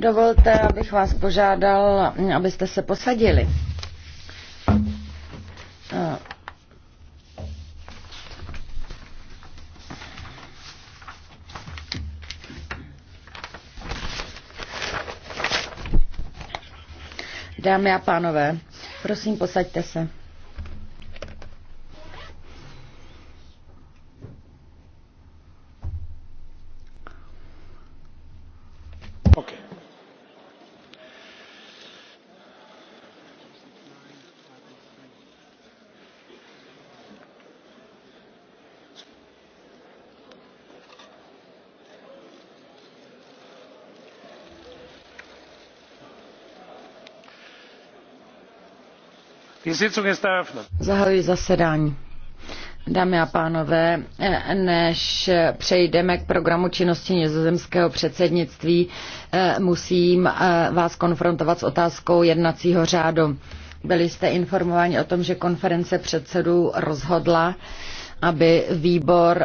Dovolte, abych vás požádal, abyste se posadili. Dámy a pánové, prosím, posaďte se. Zahajuji zasedání. Dámy a pánové, než přejdeme k programu činnosti nizozemského předsednictví, eh, musím eh, vás konfrontovat s otázkou jednacího řádu. Byli jste informováni o tom, že konference předsedů rozhodla, aby výbor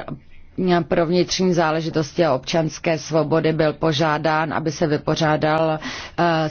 pro vnitřní záležitosti a občanské svobody byl požádán, aby se vypořádal eh,